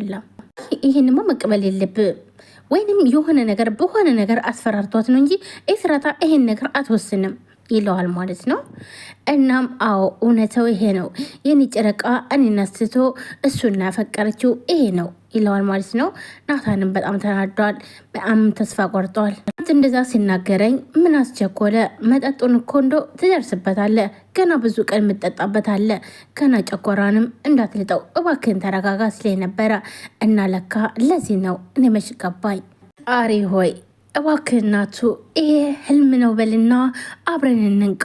አይደለም። ይህንማ መቀበል የለብም። ወይንም የሆነ ነገር በሆነ ነገር አስፈራርቷት ነው እንጂ ኤፍራታ ይሄን ነገር አትወስንም። ይለዋል ማለት ነው። እናም አዎ እውነተው ይሄ ነው፣ የኔ ጨረቃ እኔን አስትቶ እሱና ያፈቀረችው ይሄ ነው ይለዋል ማለት ነው። ናታንም በጣም ተናዷል፣ በጣም ተስፋ ቆርጧል። እንደዛ ሲናገረኝ ምን አስቸኮለ? መጠጡን እኮ እንዶ ትደርስበታለ፣ ገና ብዙ ቀን የምጠጣበታለ፣ ገና ጨኮራንም እንዳትልጠው እባክህን ተረጋጋ ስለ ነበረ እና ለካ ለዚህ ነው እኔ መች ገባኝ። አሪ ሆይ እባክህ እናቱ ይሄ ህልም ነው በልና አብረን እንንቃ።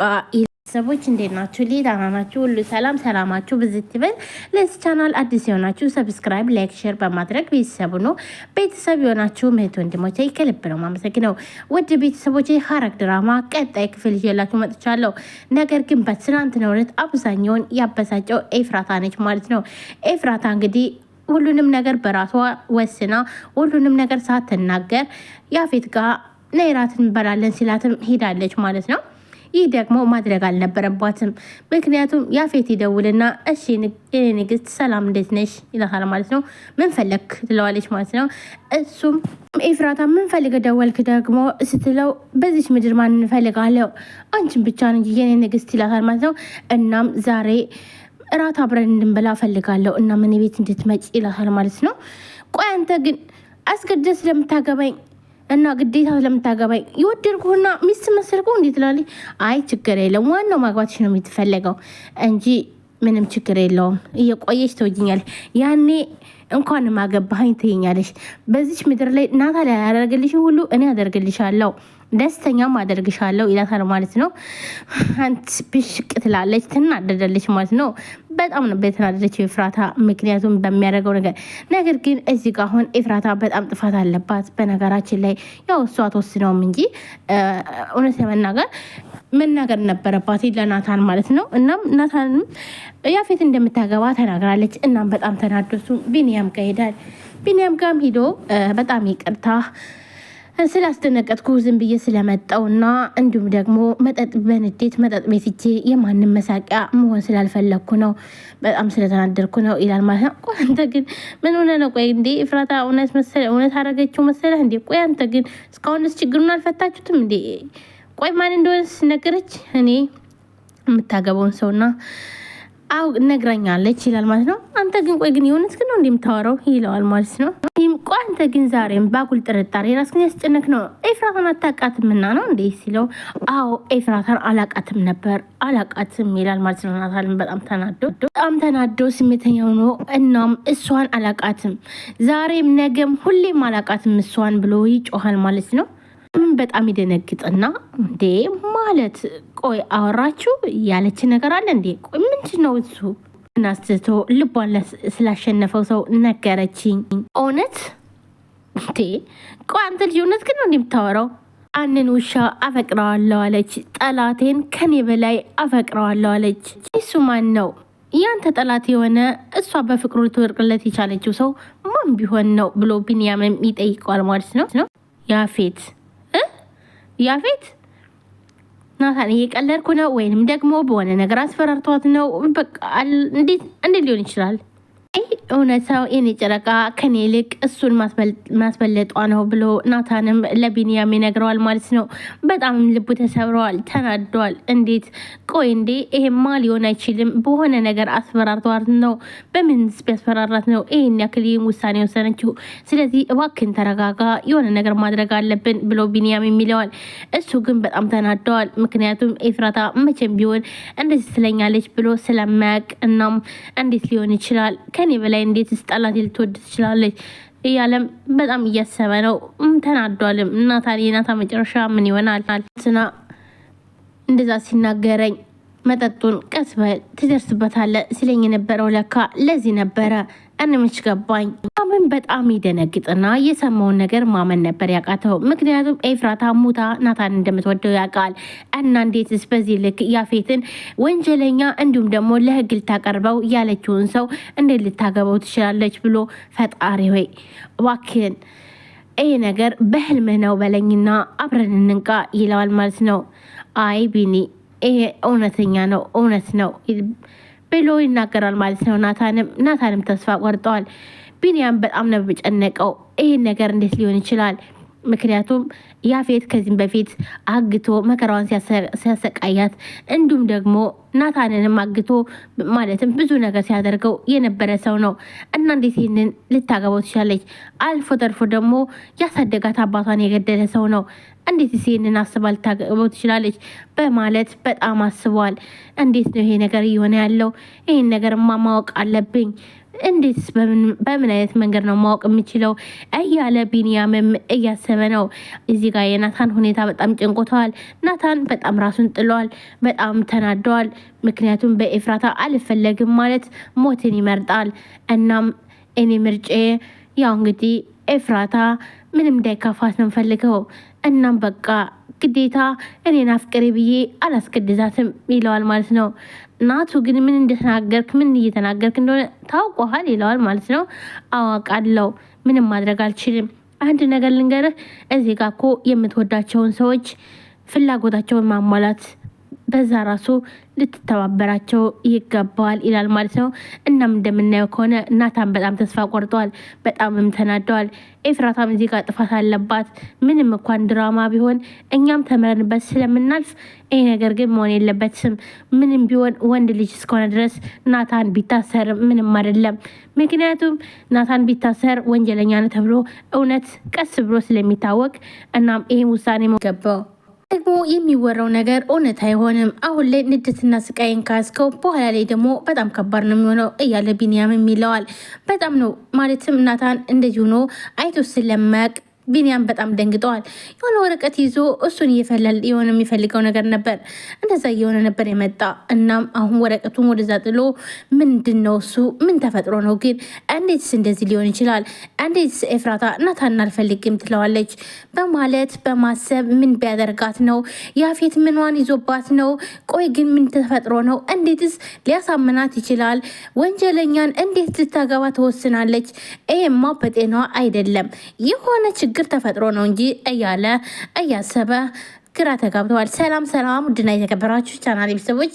ሰዎች እንዴት ናችሁ? ሊዳና ናችሁ? ሁሉ ሰላም ሰላማችሁ ብዝት ይበል። ለዚ ቻናል አዲስ የሆናችሁ ሰብስክራይብ፣ ላይክ፣ ሼር በማድረግ ቤተሰቡ ነው ቤተሰብ የሆናችሁ ምህት ወንድሞቼ ይከልብ ነው ማመሰግነው። ውድ ቤተሰቦች ሐረግ ድራማ ቀጣይ ክፍል ይዤላችሁ መጥቻለሁ። ነገር ግን በትናንትናው ዕለት አብዛኛውን ያበሳጨው ኤፍራታ ነች ማለት ነው። ኤፍራታ እንግዲህ ሁሉንም ነገር በራሷ ወስና ሁሉንም ነገር ሳትናገር ያፌት ጋር ነይ እንበላለን ሲላትም ሄዳለች ማለት ነው። ይህ ደግሞ ማድረግ አልነበረባትም። ምክንያቱም ያፌት ይደውልና እሺ የኔ ንግስት ሰላም እንዴት ነሽ ይላታል ማለት ነው። ምን ፈለግ ትለዋለች ማለት ነው። እሱም ኤፍራታ ምን ፈልገ ደወልክ ደግሞ ስትለው በዚች ምድር ማን እንፈልጋለው አንቺን ብቻ ነው የኔ ንግስት ይላታል ማለት ነው። እናም ዛሬ እራት አብረን እንድንበላ ፈልጋለሁ እና ምን ቤት እንድትመጪ ይላታል ማለት ነው። ቆይ አንተ ግን አስገድደ ስለምታገባኝ እና ግዴታ ስለምታገባኝ የወደድኩህና ሚስት መሰልኩ እንዴት ትላለች። አይ ችግር የለም ዋናው ማግባትሽ ነው የሚትፈለገው እንጂ ምንም ችግር የለውም። እየቆየች ተወጅኛለች። ያኔ እንኳን ማገባኝ ትይኛለች። በዚች ምድር ላይ እናታ ላይ ያደርግልሽ ሁሉ እኔ አደርግልሻለሁ። ደስተኛም አደርግሻለሁ ይላታል ማለት ነው። አንት ብሽቅ ትላለች፣ ትናደዳለች ማለት ነው። በጣም ነበር የተናደደችው ኤፍራታ ምክንያቱም በሚያደርገው ነገር። ነገር ግን እዚህ ጋ አሁን ኤፍራታ በጣም ጥፋት አለባት። በነገራችን ላይ ያው እሷ ተወስነውም እንጂ እውነት ለመናገር መናገር ነበረባት ለናታን ማለት ነው። እናም ናታንም ያፌት እንደምታገባ ተናግራለች። እናም በጣም ተናደሱ። ቢንያም ጋ ሄዳል። ቢንያም ጋም ሂዶ በጣም ይቅርታ ስላስደነቀጥኩ ዝም ብዬ ስለመጣውና እንዲሁም ደግሞ መጠጥ በንዴት መጠጥ ቤት ሂጄ የማንም መሳቂያ መሆን ስላልፈለግኩ ነው። በጣም ስለተናደርኩ ነው ይላል ማለት ነው። ቆይ አንተ ግን ምን ሆነ ነው? ቆይ እንዴ ፍራታ እውነት መሰለ እውነት አረገችው መሰለ እንዴ? ቆይ አንተ ግን እስካሁንስ ችግሩን አልፈታችሁትም እንዴ? ቆይ ማን እንደሆነ ነገረች? እኔ የምታገባውን ሰውና አው ነግረኛለች ይላል ማለት ነው። አንተ ግን ቆይ ግን የሆነት ግን ነው እንደምታወራው ይለዋል ማለት ነው። ይህም ቆ አንተ ግን ዛሬም ባጉል ጥርጣሬ ራስን ያስጨነቅ ነው ኤፍራታን አታውቃትም እና ነው እንዴ ሲለው፣ አዎ ኤፍራታን አላውቃትም ነበር አላውቃትም ይላል ማለት ነው። ናታልም በጣም ተናዶ በጣም ተናዶ ስሜተኛ ሆኖ እናም እሷን አላውቃትም ዛሬም ነገም ሁሌም አላውቃትም እሷን ብሎ ይጮሃል ማለት ነው። በጣም ይደነግጥና እንዴ ማለት ቆይ አወራችሁ ያለች ነገር አለ እንዴ? ቆይ ምንድን ነው እሱ? እናስትቶ ልቧን ስላሸነፈው ሰው ነገረችኝ። እውነት እንዴ? ቆይ አንተ ልጅ እውነት ግን ነው እንደምታወራው? አንን ውሻ አፈቅረዋለሁ አለች። ጠላቴን ከኔ በላይ አፈቅረዋለሁ አለች። እሱ ማን ነው? ያንተ ጠላት የሆነ እሷ በፍቅሩ ልትወርቅለት የቻለችው ሰው ማን ቢሆን ነው ብሎ ቢንያምም ይጠይቀዋል ማለት ነው። ያፌት ያፌት ናታን እየቀለድኩ ነው ወይንም ደግሞ በሆነ ነገር አስፈራርቷት ነው። በቃ እንዴት ሊሆን ይችላል? እውነታው የኔ ጨረቃ ከኔ ይልቅ እሱን ማስበለጧ ነው ብሎ ናታንም ለቢንያም ይነግረዋል ማለት ነው። በጣም ልቡ ተሰብረዋል፣ ተናደዋል። እንዴት ቆይ እንዴ ይሄማ ሊሆን አይችልም። በሆነ ነገር አስፈራርተዋት ነው። በምን ቢያስፈራራት ነው ይሄን ያክል ውሳኔ ወሰነችው? ስለዚህ እባክን ተረጋጋ፣ የሆነ ነገር ማድረግ አለብን ብሎ ቢንያም የሚለዋል። እሱ ግን በጣም ተናደዋል። ምክንያቱም ኤፍራታ መቼም ቢሆን እንደዚህ ስለኛለች ብሎ ስለማያቅ እናም እንዴት ሊሆን ይችላል ከኔ በላይ ላይ እንዴት ስጠላት ልትወድ ትችላለች እያለም በጣም እያሰበ ነው። ተናዷልም እናታ ታዲያ የናታ መጨረሻ ምን ይሆናል? ስና እንደዛ ሲናገረኝ መጠጡን ቀስ በል ትደርስበታለህ ስለኝ የነበረው ለካ ለዚህ ነበረ ቀንምች ገባኝ። ምን በጣም ይደነግጥና የሰማውን ነገር ማመን ነበር ያቃተው። ምክንያቱም ኤፍራታ ሙታ ናታን እንደምትወደው ያውቃል እና እንዴትስ በዚህ ልክ ያፌትን ወንጀለኛ እንዲሁም ደግሞ ለህግ ልታቀርበው ያለችውን ሰው እንዴት ልታገባው ትችላለች ብሎ ፈጣሪ ሆይ እባክህን ይህ ነገር በህልምህ ነው በለኝና አብረን እንንቃ ይለዋል ማለት ነው። አይ ቢኒ ይሄ እውነተኛ ነው እውነት ነው ብሎ ይናገራል ማለት ነው። ናታንም ናታንም ተስፋ ቆርጠዋል። ቢንያም በጣም ነው የሚጨነቀው። ይህን ነገር እንዴት ሊሆን ይችላል? ምክንያቱም ያፌት ከዚህም በፊት አግቶ መከራዋን ሲያሰቃያት እንዲሁም ደግሞ ናታንንም አግቶ ማለትም ብዙ ነገር ሲያደርገው የነበረ ሰው ነው እና እንዴት ይህንን ልታገባው ትችላለች? አልፎ ተርፎ ደግሞ ያሳደጋት አባቷን የገደለ ሰው ነው እንዴት ይህንን አስባ ልታገባው ትችላለች? በማለት በጣም አስቧል። እንዴት ነው ይሄ ነገር እየሆነ ያለው? ይህን ነገርማ ማወቅ አለብኝ። እንዴትስ በምን አይነት መንገድ ነው ማወቅ የምችለው? እያለ ቢንያምም እያሰበ ነው። እዚህ ጋር የናታን ሁኔታ በጣም ጭንቁተዋል። ናታን በጣም ራሱን ጥለዋል። በጣም ተናደዋል። ምክንያቱም በኤፍራታ አልፈለግም ማለት ሞትን ይመርጣል። እናም እኔ ምርጬ ያው እንግዲህ ኤፍራታ ምንም እንዳይካፋት ነው ፈልገው እናም በቃ ግዴታ እኔን አፍቅሬ ብዬ አላስገድዛትም ይለዋል ማለት ነው። ናቱ ግን ምን እንደተናገርክ ምን እየተናገርክ እንደሆነ ታውቋሃል ይለዋል ማለት ነው። አዋቃለው ምንም ማድረግ አልችልም። አንድ ነገር ልንገርህ፣ እዚህ ጋ እኮ የምትወዳቸውን ሰዎች ፍላጎታቸውን ማሟላት በዛ ራሱ ልትተባበራቸው ይገባዋል ይላል ማለት ነው። እናም እንደምናየው ከሆነ ናታን በጣም ተስፋ ቆርጠዋል፣ በጣምም ተናደዋል። ኤፍራታም እዚህ ጋር ጥፋት አለባት። ምንም እንኳን ድራማ ቢሆን እኛም ተምረንበት ስለምናልፍ ይህ ነገር ግን መሆን የለበትም። ምንም ቢሆን ወንድ ልጅ እስከሆነ ድረስ ናታን ቢታሰር ምንም አይደለም። ምክንያቱም ናታን ቢታሰር ወንጀለኛ ነው ተብሎ እውነት ቀስ ብሎ ስለሚታወቅ እናም ይህም ውሳኔ ገባው ደግሞ የሚወራው ነገር እውነት አይሆንም። አሁን ላይ ንድትና ስቃይን ካስከው በኋላ ላይ ደግሞ በጣም ከባድ ነው የሚሆነው እያለ ቢንያምም ይለዋል። በጣም ነው ማለትም ናታን እንደዚህ ሆኖ አይቶ ስለማያቅ ቢንያም በጣም ደንግጠዋል። የሆነ ወረቀት ይዞ እሱን እየፈለል የሆነ የሚፈልገው ነገር ነበር። እንደዛ እየሆነ ነበር የመጣ እናም አሁን ወረቀቱን ወደዛ ጥሎ ምንድን ነው እሱ ምን ተፈጥሮ ነው ግን እንዴትስ እንደዚህ ሊሆን ይችላል? እንዴትስ ኤፍራታ እናታን አልፈልግም ትለዋለች በማለት በማሰብ ምን ቢያደርጋት ነው ያፌት ምንዋን ይዞባት ነው? ቆይ ግን ምን ተፈጥሮ ነው? እንዴትስ ሊያሳምናት ይችላል? ወንጀለኛን እንዴት ልታገባ ትወስናለች? ይሄማ በጤናዋ አይደለም የሆነ ችግር ችግር ተፈጥሮ ነው እንጂ እያለ እያሰበ ግራ ተጋብተዋል። ሰላም ሰላም፣ ውድና የተከበራችሁ ቻናል ቤተሰቦች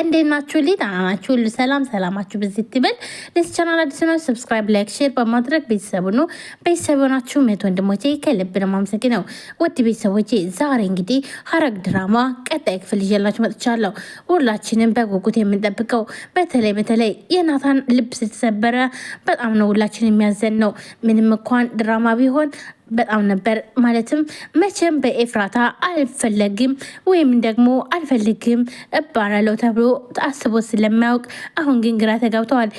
እንዴት ናችሁ? ሊ ደህና ናችሁ? ሁሉ ሰላም ሰላማችሁ በዚህ ትበል። ለዚህ ቻናል አዲስ ነው፣ ሰብስክራይብ፣ ላይክ፣ ሼር በማድረግ ቤተሰቡ ነው። ቤተሰቡ ናችሁ ሜት ወንድሞቼ ከልብ ነው የማመሰግነው። ውድ ቤተሰቦቼ ዛሬ እንግዲህ ሐረግ ድራማ ቀጣይ ክፍል ይዤላችሁ መጥቻለሁ። ሁላችንም በጉጉት የምንጠብቀው በተለይ በተለይ የናታን ልብ ስለተሰበረ በጣም ነው ሁላችን የሚያዘን ነው። ምንም እንኳን ድራማ ቢሆን በጣም ነበር። ማለትም መቼም በኤፍራታ አልፈለግም ወይም ደግሞ አልፈልግም እባላለሁ ተብሎ አስቦ ስለማያውቅ አሁን ግን ግራ ተጋብተዋል።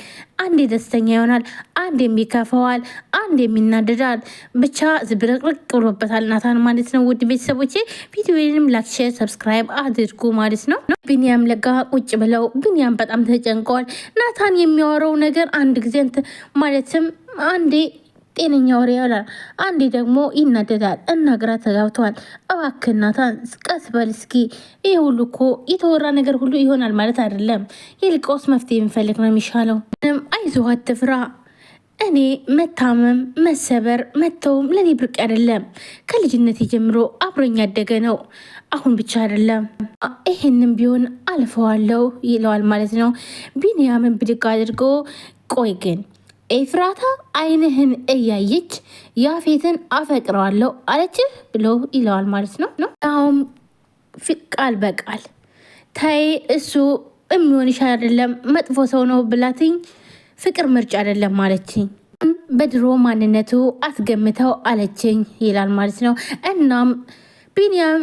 አንዴ ደስተኛ ይሆናል፣ አንድ የሚከፈዋል፣ አንድ የሚናደዳል። ብቻ ዝብርቅርቅ ብሎበታል ናታን ማለት ነው። ውድ ቤተሰቦቼ ቪዲዮንም ላይክ፣ ሼር፣ ሰብስክራይብ አድርጉ ማለት ነው። ቢንያም ለጋ ቁጭ ብለው ቢንያም በጣም ተጨንቀዋል። ናታን የሚያወራው ነገር አንድ ጊዜ ማለትም አንዴ ጤነኛ ወሬ ያላል። አንዴ ደግሞ ይናደዳል እና ግራ ተጋብተዋል። እባክህ ናታን ቀስ በል እስኪ። ይህ ሁሉ እኮ የተወራ ነገር ሁሉ ይሆናል ማለት አይደለም። ይልቀውስ መፍትሄ የሚፈልግ ነው የሚሻለው። ምንም አይዞህ፣ አትፍራ እኔ መታመም መሰበር መተውም ለእኔ ብርቅ አይደለም። ከልጅነት ጀምሮ አብሮኝ ያደገ ነው። አሁን ብቻ አይደለም፣ ይሄንም ቢሆን አልፈዋለው ይለዋል ማለት ነው። ቢንያምን ብድግ አድርጎ ቆይ ግን ኤፍራታ አይንህን እያየች ያፌትን አፈቅረዋለሁ አለችህ ብሎ ይለዋል ማለት ነው ነው አሁን ቃል በቃል ታይ እሱ የሚሆንሽ አይደለም መጥፎ ሰው ነው ብላትኝ ፍቅር ምርጫ አይደለም ማለችኝ በድሮ ማንነቱ አትገምተው አለችኝ ይላል ማለት ነው። እናም ቢንያም